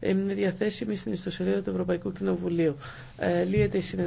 Ε, είναι διαθέσιμη στην ιστοσελίδα του Ευρωπαϊκού Κοινοβουλίου. Ε, λύεται